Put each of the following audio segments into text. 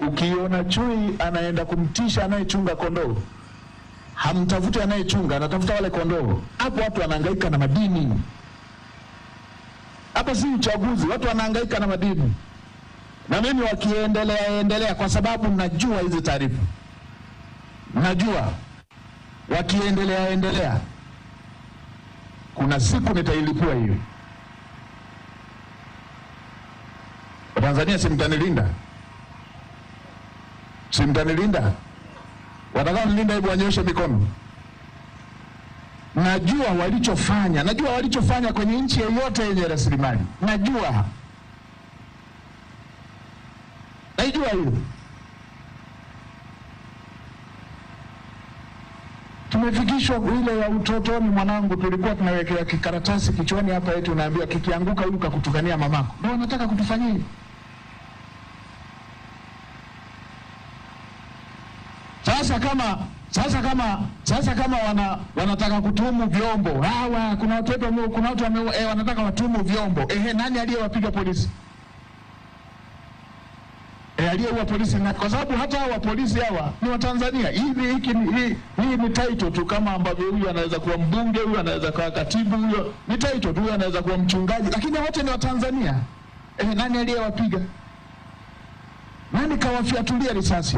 Ukiona chui anaenda kumtisha anayechunga kondoo, hamtafuti anayechunga, anatafuta wale kondoo. Hapo watu wanahangaika na madini, hapa si uchaguzi, watu wanahangaika na madini. Na mimi wakiendelea endelea, kwa sababu najua hizi taarifa, najua wakiendelea endelea, kuna siku nitailipua hiyo. Watanzania, si mtanilinda? si mtanilinda? Wataka nilinda, hebu wanyoshe mikono. Najua walichofanya, najua walichofanya kwenye nchi yoyote yenye rasilimali, najua naijua hiyo. Tumefikishwa ile ya utotoni, mwanangu, tulikuwa tunawekewa kikaratasi kichwani hapa, eti unaambiwa kikianguka huyu kakutukania mamako, ndio wanataka kutufanyia Sasa kama sasa kama sasa kama wana, wanataka kutumu vyombo hawa, kuna watu kuna watu wame, eh, wanataka watumu vyombo eh, nani aliyewapiga polisi eh, aliyeua polisi na, kwa sababu hata hawa polisi hawa ni Watanzania. Hivi hiki hii hii ni title tu, kama ambavyo huyu anaweza kuwa mbunge, huyu anaweza kuwa katibu, huyo ni title tu, huyu anaweza kuwa mchungaji, lakini wote ni Watanzania. Eh, nani aliyewapiga? Nani kawafiatulia risasi?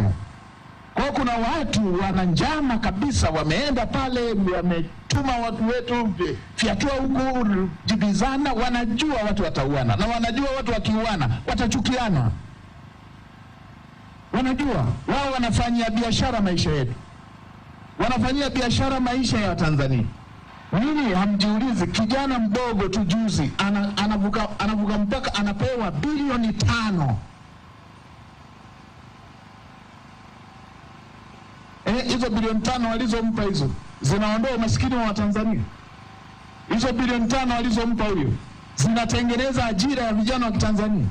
Kwa kuna watu wana njama kabisa, wameenda pale, wametuma watu wetu fyatua huku, jibizana. Wanajua watu watauana, na wanajua watu wakiuana watachukiana. Wanajua wao wanafanyia biashara maisha yetu, wanafanyia biashara maisha ya Watanzania. Nini hamjiulizi? Kijana mdogo tu juzi anavuka mpaka anapewa bilioni tano hizo bilioni tano walizompa hizo zinaondoa umaskini wa Watanzania? Hizo bilioni tano walizompa huyo zinatengeneza ajira ya vijana wa Kitanzania?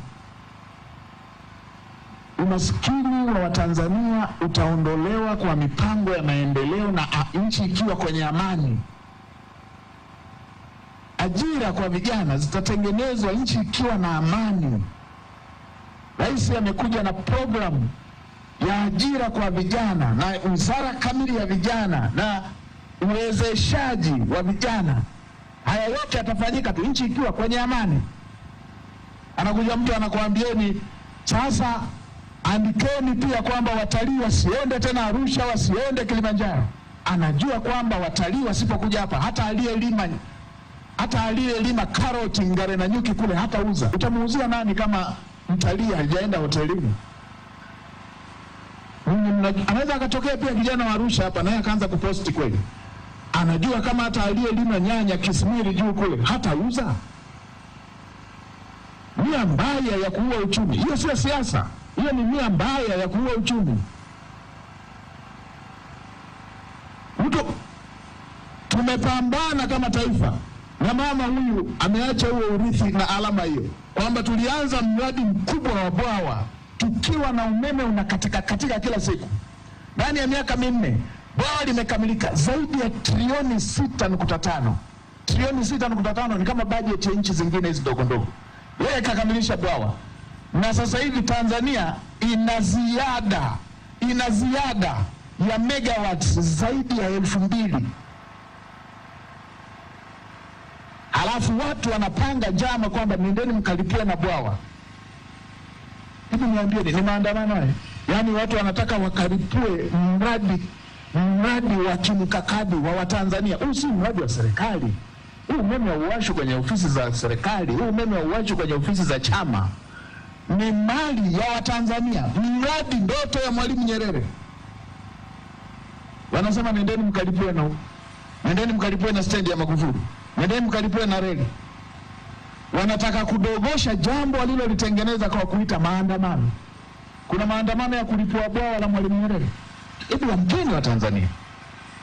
Umasikini wa Watanzania utaondolewa kwa mipango ya maendeleo na nchi ikiwa kwenye amani. Ajira kwa vijana zitatengenezwa nchi ikiwa na amani. Rais amekuja na programu ya ajira kwa vijana na wizara kamili ya vijana na uwezeshaji wa vijana. Haya yote yatafanyika tu nchi ikiwa kwenye amani. Anakuja mtu anakuambieni sasa, andikeni pia kwamba watalii wasiende tena Arusha, wasiende Kilimanjaro. Anajua kwamba watalii wasipokuja hapa, hata aliyelima hata aliyelima karoti, ngare na nyuki kule hatauza. Utamuuzia nani kama mtalii hajaenda hotelini? Anaweza akatokea pia kijana wa Arusha hapa naye akaanza kuposti kweli, anajua kama hata aliyelima nyanya Kismiri juu kule hatauza. Mia mbaya ya kuua uchumi, hiyo sio siasa, hiyo ni mia mbaya ya kuua uchumi. Mtu tumepambana kama taifa, na mama huyu ameacha huo urithi na alama hiyo, kwamba tulianza mradi mkubwa wa bwawa tukiwa na umeme unakatika katika kila siku. Ndani ya miaka minne bwawa limekamilika zaidi ya trilioni sita tano Trilioni sita tano ni kama bajeti ya nchi zingine hizi ndogo ndogo. Yeye kakamilisha bwawa, na sasa hivi Tanzania ina ziada ina ziada ya megawatts zaidi ya elfu mbili halafu watu wanapanga njama kwamba nendeni mkalipia na bwawa Hebu niambieni, ni maandamano haya, yaani watu wanataka wakaripue mradi mradi wa kimkakadi wa Watanzania. Huu si mradi wa serikali. Huu umeme hauwashwi kwenye ofisi za serikali, huu umeme hauwashwi kwenye ofisi za chama, ni mali ya Watanzania, mradi ndoto ya Mwalimu Nyerere. Wanasema nendeni mkalipue na nendeni mkalipue na stendi ya Magufuli, nendeni mkalipue na reli wanataka kudogosha jambo walilolitengeneza kwa kuita maandamano. Kuna maandamano ya kulipua bwawa la Mwalimu Nyerere. Hebu wamkeni wa Tanzania.